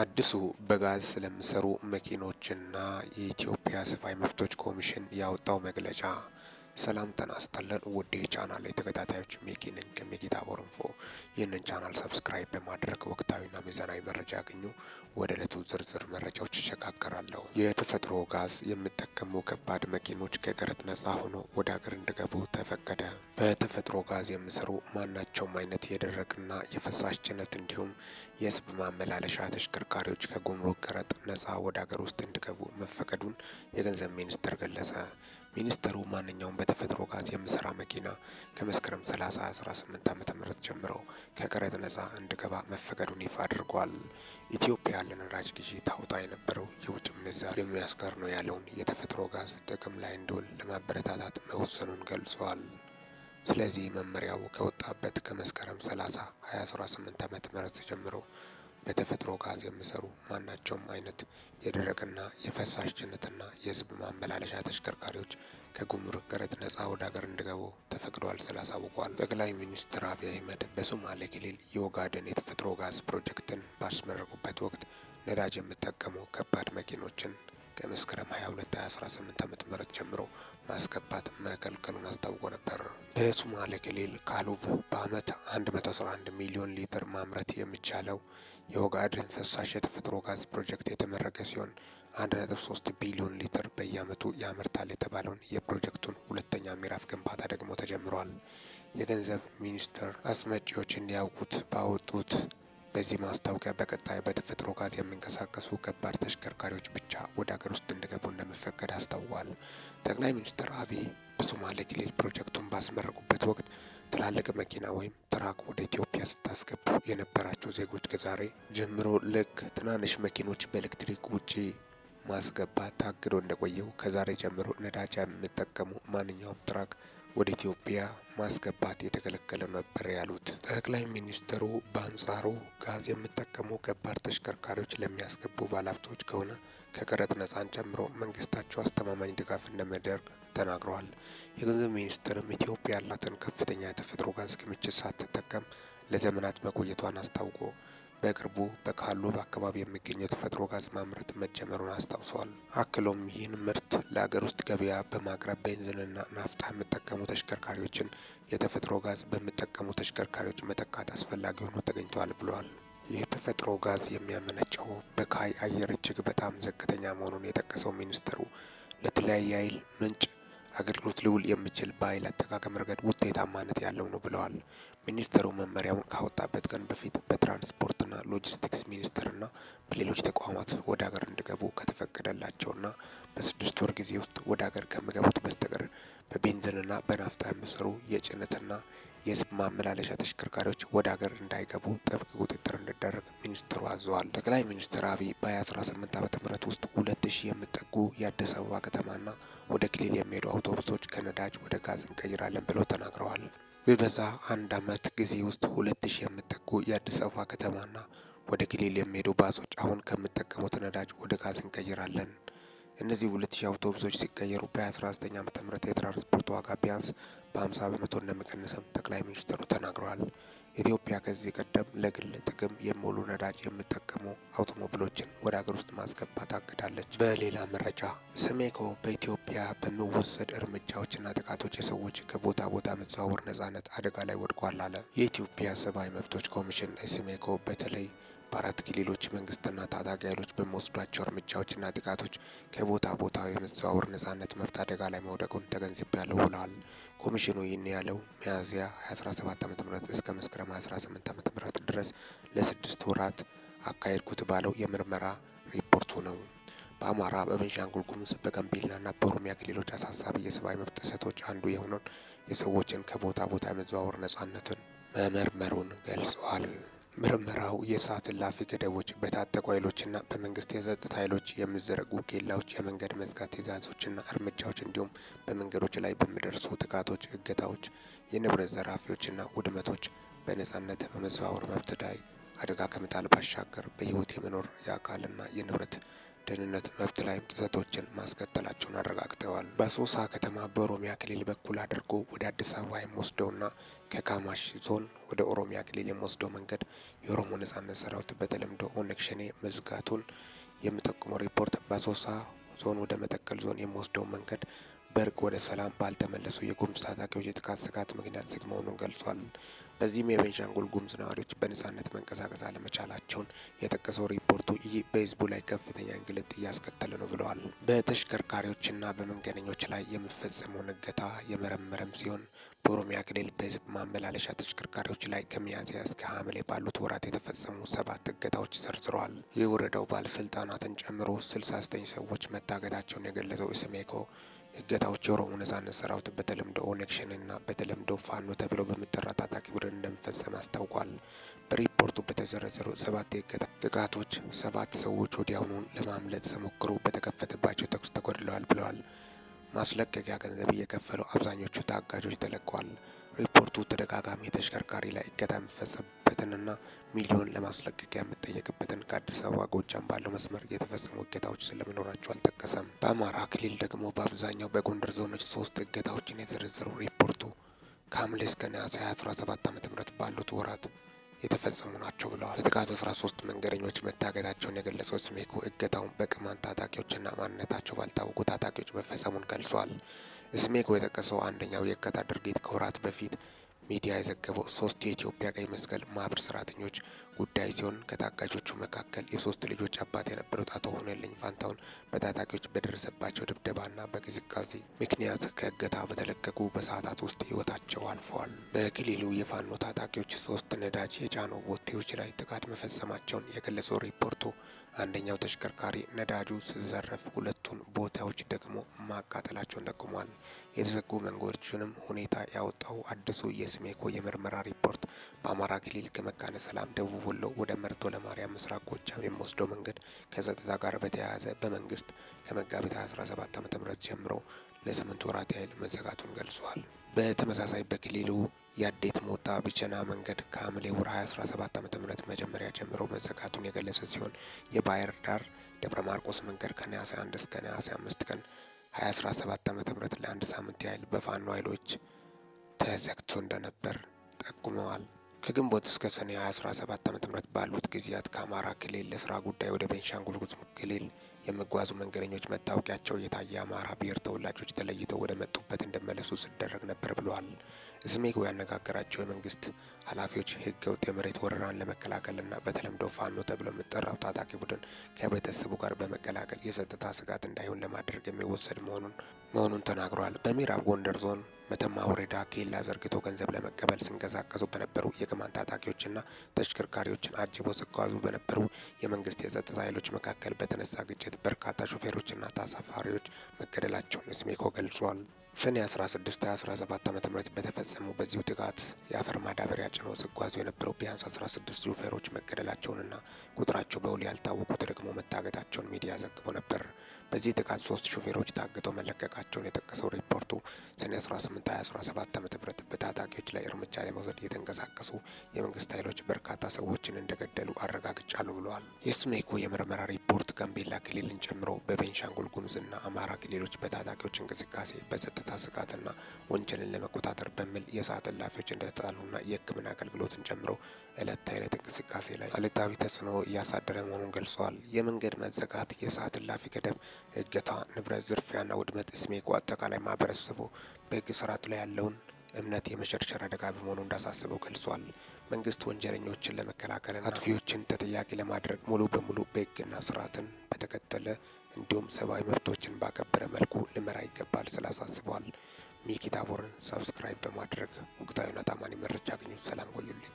አዲሱ በጋዝ ስለሚሰሩ መኪኖችና የኢትዮጵያ ሰብአዊ መብቶች ኮሚሽን ያወጣው መግለጫ ሰላም ተናስተለን ውድ የቻናል የተከታታዮች ሚኪ ነኝ ከሚኪታ ቦርንፎ። ይህንን ቻናል ሰብስክራይብ በማድረግ ወቅታዊና ሚዛናዊ መረጃ ያገኙ። ወደ ዕለቱ ዝርዝር መረጃዎች ይሸጋገራለሁ። የተፈጥሮ ጋዝ የሚጠቀሙ ከባድ መኪኖች ከቀረጥ ነጻ ሆኖ ወደ ሀገር እንዲገቡ ተፈቀደ። በተፈጥሮ ጋዝ የሚሰሩ ማናቸውም አይነት የደረቅና የፈሳሽ ጭነት እንዲሁም የህዝብ ማመላለሻ ተሽከርካሪዎች ከጉምሩክ ቀረጥ ነጻ ወደ ሀገር ውስጥ እንዲገቡ መፈቀዱን የገንዘብ ሚኒስቴር ገለጸ። ሚኒስተሩ ማንኛውም በተፈጥሮ ጋዝ የሚሰራ መኪና ከመስከረም 30 18 ዓ.ም ጀምሮ ከቀረጥ ነጻ እንዲገባ መፈቀዱን ይፋ አድርጓል። ኢትዮጵያ ለነዳጅ ግዢ ታውጣ የነበረው የውጭ ምንዛሪ የሚያስቀር ነው ያለውን የተፈጥሮ ጋዝ ጥቅም ላይ እንዲውል ለማበረታታት መወሰኑን ገልጿል። ስለዚህ መመሪያው ከወጣበት ከመስከረም 30 2018 ዓ.ም ጀምሮ በተፈጥሮ ጋዝ የሚሰሩ ማናቸውም አይነት የደረቅና የፈሳሽ ጭነትና የህዝብ ማመላለሻ ተሽከርካሪዎች ከጉምሩክ ቀረጥ ነፃ ወደ ሀገር እንዲገቡ ተፈቅደዋል ሲል አሳውቋል። ጠቅላይ ሚኒስትር አብይ አህመድ በሶማሌ ክልል የኦጋዴን የተፈጥሮ ጋዝ ፕሮጀክትን ባስመረቁበት ወቅት ነዳጅ የሚጠቀሙ ከባድ መኪኖችን ከመስከረም 22 2018 ዓመተ ምህረት ጀምሮ ማስገባት መከልከሉን አስታውቆ ነበር። በሶማሌ ክልል ካሉብ በአመት 111 ሚሊዮን ሊትር ማምረት የሚቻለው የኦጋዴን ፈሳሽ የተፈጥሮ ጋዝ ፕሮጀክት የተመረቀ ሲሆን 1.3 ቢሊዮን ሊትር በየአመቱ ያመርታል የተባለውን የፕሮጀክቱን ሁለተኛ ምዕራፍ ግንባታ ደግሞ ተጀምሯል። የገንዘብ ሚኒስቴር አስመጪዎች እንዲያውቁት ባወጡት በዚህ ማስታወቂያ በቀጣይ በተፈጥሮ ጋዝ የሚንቀሳቀሱ ከባድ ተሽከርካሪዎች ብቻ ወደ ሀገር ውስጥ እንዲገቡ እንደመፈቀድ አስታውቋል። ጠቅላይ ሚኒስትር አብይ በሶማሌ ክልል ፕሮጀክቱን ባስመረቁበት ወቅት ትላልቅ መኪና ወይም ትራክ ወደ ኢትዮጵያ ስታስገቡ የነበራቸው ዜጎች ከዛሬ ጀምሮ ልክ ትናንሽ መኪኖች በኤሌክትሪክ ውጪ ማስገባት ታግዶ እንደቆየው ከዛሬ ጀምሮ ነዳጅ የሚጠቀሙ ማንኛውም ትራክ ወደ ኢትዮጵያ ማስገባት የተከለከለ ነበር ያሉት ጠቅላይ ሚኒስትሩ በአንጻሩ ጋዝ የሚጠቀሙ ከባድ ተሽከርካሪዎች ለሚያስገቡ ባለሀብቶች ከሆነ ከቀረጥ ነፃን ጨምሮ መንግስታቸው አስተማማኝ ድጋፍ እንደሚያደርግ ተናግረዋል። የገንዘብ ሚኒስትርም ኢትዮጵያ ያላትን ከፍተኛ የተፈጥሮ ጋዝ ክምችት ሳትጠቀም ለዘመናት መቆየቷን አስታውቆ በቅርቡ በካሎብ አካባቢ የሚገኘው የተፈጥሮ ጋዝ ማምረት መጀመሩን አስታውሷል። አክሎም ይህን ምርት ለሀገር ውስጥ ገበያ በማቅረብ ቤንዚንና ናፍጣ የሚጠቀሙ ተሽከርካሪዎችን የተፈጥሮ ጋዝ በሚጠቀሙ ተሽከርካሪዎች መተካት አስፈላጊ ሆኖ ተገኝተዋል ብለዋል። የተፈጥሮ ጋዝ የሚያመነጨው በካይ አየር እጅግ በጣም ዝቅተኛ መሆኑን የጠቀሰው ሚኒስትሩ ለተለያየ ኃይል ምንጭ አገልግሎት ሊውል የሚችል በኃይል አጠቃቀም ረገድ ውጤታማነት ያለው ነው ብለዋል። ሚኒስተሩ መመሪያውን ካወጣበት ቀን በፊት በትራንስፖርትና ሎጂስቲክስ ሚኒስቴርና ሌሎች ተቋማት ወደ ሀገር እንዲገቡ ከተፈቀደላቸውና በስድስት ወር ጊዜ ውስጥ ወደ ሀገር ከሚገቡት በስተቀር በቤንዚንና በናፍጣ የሚሰሩ የጭነትና የህዝብ ማመላለሻ ተሽከርካሪዎች ወደ ሀገር እንዳይገቡ ጥብቅ ቁጥጥር እንዲደረግ ሚኒስትሩ አዘዋል። ጠቅላይ ሚኒስትር አብይ በ2018 ዓ ም ውስጥ ሁለት ሺህ የሚጠጉ የአዲስ አበባ ከተማና ወደ ክልል የሚሄዱ አውቶቡሶች ከነዳጅ ወደ ጋዝ እንቀይራለን ብለው ተናግረዋል። ቢበዛ አንድ አመት ጊዜ ውስጥ ሁለት ሺህ የሚጠጉ የአዲስ አበባ ከተማና ወደ ግሊል የሚሄዱ ባሶች አሁን ከምጠቀሙት ነዳጅ ወደ ጋዝ እንቀይራለን። እነዚህ ሁለት ሺህ አውቶቡሶች ሲቀየሩ በ2019 ዓ ም የትራንስፖርት ዋጋ ቢያንስ በ50 በመቶ እንደሚቀንስም ጠቅላይ ሚኒስትሩ ተናግረዋል። ኢትዮጵያ ከዚህ ቀደም ለግል ጥቅም የሚውሉ ነዳጅ የሚጠቀሙ አውቶሞቢሎችን ወደ ሀገር ውስጥ ማስገባት አግዳለች። በሌላ መረጃ ስሜኮ በኢትዮጵያ በሚወሰድ እርምጃዎችና ጥቃቶች የሰዎች ከቦታ ቦታ መዘዋወር ነጻነት አደጋ ላይ ወድቋል አለ። የኢትዮጵያ ሰብአዊ መብቶች ኮሚሽን ስሜኮ በተለይ በአራት ክልሎች መንግስትና ታጣቂ ኃይሎች በሚወስዷቸው እርምጃዎችና ጥቃቶች ከቦታ ቦታ የመዘዋወር ነጻነት መብት አደጋ ላይ መውደቁን ያለው ብለዋል። ኮሚሽኑ ይህን ያለው ሚያዝያ 2017 ዓ ም እስከ መስከረም 2018 ዓ ም ድረስ ለስድስት ወራት አካሄድኩት ባለው የምርመራ ሪፖርቱ ነው። በአማራ በቤንሻንጉል ጉሙዝ በጋምቤላና በኦሮሚያ ክልሎች አሳሳቢ የሰብአዊ መብት ጥሰቶች አንዱ የሆነውን የሰዎችን ከቦታ ቦታ የመዘዋወር ነጻነትን መመርመሩን ገልጸዋል። ምርመራው የሰዓት እላፊ ገደቦች በታጠቁ ኃይሎችና በመንግስት የጸጥታ ኃይሎች የሚዘረጉ ኬላዎች፣ የመንገድ መዝጋት ትዕዛዞችና እርምጃዎች እንዲሁም በመንገዶች ላይ በሚደርሱ ጥቃቶች፣ እገታዎች፣ የንብረት ዘራፊዎችና ውድመቶች በነጻነት በመዘዋወር መብት ላይ አደጋ ከመጣል ባሻገር በህይወት የመኖር የአካልና የንብረት ደህንነት መብት ላይም ጥሰቶችን ማስከተላቸውን አረጋግጠዋል። በሶሳ ከተማ በኦሮሚያ ክልል በኩል አድርጎ ወደ አዲስ አበባ የሚወስደውና ከካማሽ ዞን ወደ ኦሮሚያ ክልል የሚወስደው መንገድ የኦሮሞ ነጻነት ሰራዊት በተለምዶ ኦነግ ሸኔ መዝጋቱን የሚጠቁመው ሪፖርት በሶሳ ዞን ወደ መተከል ዞን የሚወስደው መንገድ በርግ ወደ ሰላም ባልተመለሱ የጉሙዝ ታጣቂዎች የጥቃት ስጋት ምክንያት ዝግ መሆኑን ገልጿል። በዚህም የቤንሻንጉል ጉሙዝ ነዋሪዎች በነጻነት መንቀሳቀስ አለመቻላቸውን የጠቀሰው ሪፖርቱ ይህ በህዝቡ ላይ ከፍተኛ እንግልት እያስከተለ ነው ብለዋል። በተሽከርካሪዎችና በመንገደኞች ላይ የሚፈጸመውን እገታ የመረመረም ሲሆን በኦሮሚያ ክልል በህዝብ ማመላለሻ ተሽከርካሪዎች ላይ ከሚያዝያ እስከ ሐምሌ ባሉት ወራት የተፈጸሙ ሰባት እገታዎች ዘርዝረዋል። የወረዳው ባለስልጣናትን ጨምሮ 69 ሰዎች መታገታቸውን የገለጸው ኢሰመኮ እገታዎች የኦሮሞ ነጻነት ሰራዊት በተለምዶ ኦነግ ሸኔና በተለምዶ ፋኖ ተብሎ በሚጠራ ታጣቂ ቡድን እንደሚፈጸም አስታውቋል። በሪፖርቱ በተዘረዘሩ ሰባት የእገታ ጥቃቶች ሰባት ሰዎች ወዲያውኑ ለማምለጥ ሲሞክሩ በተከፈተባቸው ተኩስ ተጎድለዋል ብለዋል። ማስለቀቂያ ገንዘብ እየከፈሉ አብዛኞቹ ታጋጆች ተለቀዋል። ሪፖርቱ ተደጋጋሚ ተሽከርካሪ ላይ እገታ የሚፈጸምበትንና ሚሊዮን ለማስለቀቂያ የሚጠየቅበትን ከአዲስ አበባ ጎጃም ባለው መስመር የተፈጸሙ እገታዎች ስለመኖራቸው አልጠቀሰም። በአማራ ክልል ደግሞ በአብዛኛው በጎንደር ዞኖች ሶስት እገታዎችን የዘረዘሩ ሪፖርቱ ከሐምሌ እስከ ነሐሴ 2017 ዓ ም ባሉት ወራት የተፈጸሙ ናቸው ብለዋል። በጥቃቱ 13 መንገደኞች መታገታቸውን የገለጸው ስሜኮ እገታውን በቅማንት ታጣቂዎችና ማንነታቸው ባልታወቁ ታጣቂዎች መፈጸሙን ገልጿል። ስሜጎ የጠቀሰው አንደኛው የእገታ ድርጊት ከወራት በፊት ሚዲያ የዘገበው ሶስት የኢትዮጵያ ቀይ መስቀል ማህበር ሰራተኞች ጉዳይ ሲሆን ከታጋጆቹ መካከል የሶስት ልጆች አባት የነበሩት አቶ ሆነልኝ ፋንታውን በታጣቂዎች በደረሰባቸው ድብደባና በቅዝቃዜ ምክንያት ከእገታ በተለቀቁ በሰዓታት ውስጥ ህይወታቸው አልፈዋል። በክልሉ የፋኖ ታጣቂዎች ሶስት ነዳጅ የጫኑ ቦቴዎች ላይ ጥቃት መፈጸማቸውን የገለጸው ሪፖርቱ አንደኛው ተሽከርካሪ ነዳጁ ሲዘረፍ ሁለቱን ቦታዎች ደግሞ ማቃጠላቸውን ጠቁሟል። የተዘጉ መንገዶችንም ሁኔታ ያወጣው አዲሱ የስሜኮ የምርመራ ሪፖርት በአማራ ክልል ከመካነ ሰላም ደቡብ ወሎ ወደ መርቶ ለማርያም ምስራቅ ጎጃም የሚወስደው መንገድ ከጸጥታ ጋር በተያያዘ በመንግስት ከመጋቢት 17 ዓ.ም ጀምሮ ለስምንት ወራት ያህል መዘጋቱን ገልጿል። በተመሳሳይ በክልሉ የአዴት ሞታ ብቸና መንገድ ከሐምሌ ወር 2017 ዓ ም መጀመሪያ ጀምሮ መዘጋቱን የገለጸ ሲሆን የባህር ዳር ደብረ ማርቆስ መንገድ ከነሐሴ 1 እስከ ነሐሴ 5 ቀን 2017 ዓ ም ለአንድ ሳምንት ያህል በፋኖ ኃይሎች ተዘግቶ እንደነበር ጠቁመዋል። ከግንቦት እስከ ሰኔ 2017 ዓ ም ባሉት ጊዜያት ከአማራ ክልል ለስራ ጉዳይ ወደ ቤንሻንጉል ጉሙዝ ክልል የሚጓዙ መንገደኞች መታወቂያቸው የታየ አማራ ብሔር ተወላጆች ተለይተው ወደ መጡበት እንደመለሱ ሲደረግ ነበር ብለዋል። ዝሜጎ ያነጋገራቸው የመንግስት ኃላፊዎች ህገወጥ የመሬት ወረራን ለመከላከልና በተለምዶ ፋኖ ተብሎ የሚጠራው ታጣቂ ቡድን ከህብረተሰቡ ጋር በመቀላቀል የጸጥታ ስጋት እንዳይሆን ለማድረግ የሚወሰድ መሆኑን መሆኑን ተናግረዋል። በምዕራብ ጎንደር ዞን መተማ ወረዳ ኬላ ዘርግቶ ገንዘብ ለመቀበል ሲንቀሳቀሱ በነበሩ የቅማን ታጣቂዎችና ተሽከርካሪዎችን አጅቦ ሲጓዙ በነበሩ የመንግስት የጸጥታ ኃይሎች መካከል በተነሳ ግጭት ምልክት በርካታ ሾፌሮችና ተሳፋሪዎች መገደላቸውን ስሜኮ ገልጿል። ሰኔ 16 2017 ዓ ም በተፈጸመው በዚሁ ጥቃት የአፈር ማዳበሪያ ጭኖ ሲጓዙ የነበረው ቢያንስ 16 ሹፌሮች መገደላቸውንና ቁጥራቸው በውል ያልታወቁት ደግሞ መታገታቸውን ሚዲያ ዘግቦ ነበር። በዚህ ጥቃት ሶስት ሹፌሮች ታግተው መለቀቃቸውን የጠቀሰው ሪፖርቱ ሰኔ 18 2017 ዓ.ም በታጣቂዎች ላይ እርምጃ ለመውሰድ የተንቀሳቀሱ የመንግስት ኃይሎች በርካታ ሰዎችን እንደገደሉ አረጋግጫሉ ብለዋል። የስሜኮ የምርመራ ሪፖርት ጋምቤላ ክልልን ጨምሮ በቤንሻንጉል ጉምዝና አማራ ክልሎች በታጣቂዎች እንቅስቃሴ በጸጥታ ስጋትና ወንጀልን ለመቆጣጠር በሚል የሰዓት እላፊዎች እንደተጣሉና የህክምና አገልግሎትን ጨምሮ እለት ተዕለት እንቅስቃሴ ላይ አሉታዊ ተጽዕኖ እያሳደረ መሆኑን ገልጸዋል። የመንገድ መዘጋት፣ የሰዓት እላፊ ገደብ፣ እገታ፣ ንብረት ዝርፊያና ውድመት ስሜኮ አጠቃላይ ማህበረሰቡ በህግ ስርዓት ላይ ያለውን እምነት የመሸርሸር አደጋ በመሆኑ እንዳሳስበው ገልጿል። መንግስት ወንጀለኞችን ለመከላከልና አጥፊዎችን ተጠያቂ ለማድረግ ሙሉ በሙሉ በህግና ስርዓትን በተከተለ እንዲሁም ሰብአዊ መብቶችን ባከበረ መልኩ ልመራ ይገባል ስል አሳስበዋል። ሚኪ ታቦርን ሰብስክራይብ በማድረግ ወቅታዊና ታማኒ መረጃ አግኙ። ሰላም ቆዩልኝ።